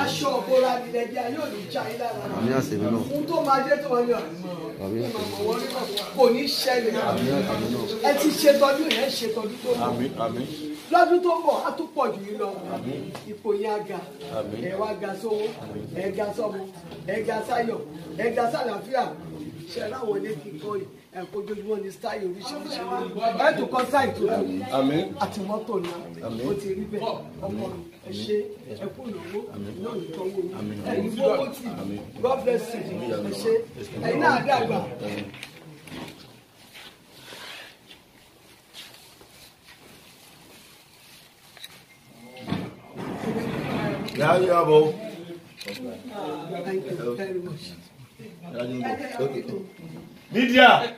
aṣọ òbora nílẹ̀ jẹ́ yóò ní já yín lára àmì àṣẹmí náà ohun tó máa dé tó wọn ní ọ̀rẹ́ kò ní ṣẹlẹ̀ ẹ ti ṣètọ́jú yẹn ṣètọ́jú tó lọ lọ́dún tó bọ̀ á tún pọ̀ jù yín lọ ipò yín á ga ẹ wá ga sówó ẹ ga sọ́mọ ẹ ga sáyọ̀ ẹ ga sálàáfíà ṣe ráwọn létí kọ́ ẹ̀kọ́ ojoojúmọ́ ní stáyì oríṣiríṣi ẹ̀tù kan sáì tó tó àti mọ́tò náà ó ti rí bẹ́ẹ̀ ọmọ mi ẹ ṣe ẹkú ìnáwó náà ìtọ́wò ẹ̀yin fowó tì God bless you ẹ ṣe ẹ̀yin náà dàgbà. Now you have all. Thank you very much. 그래가지고 여기 민지야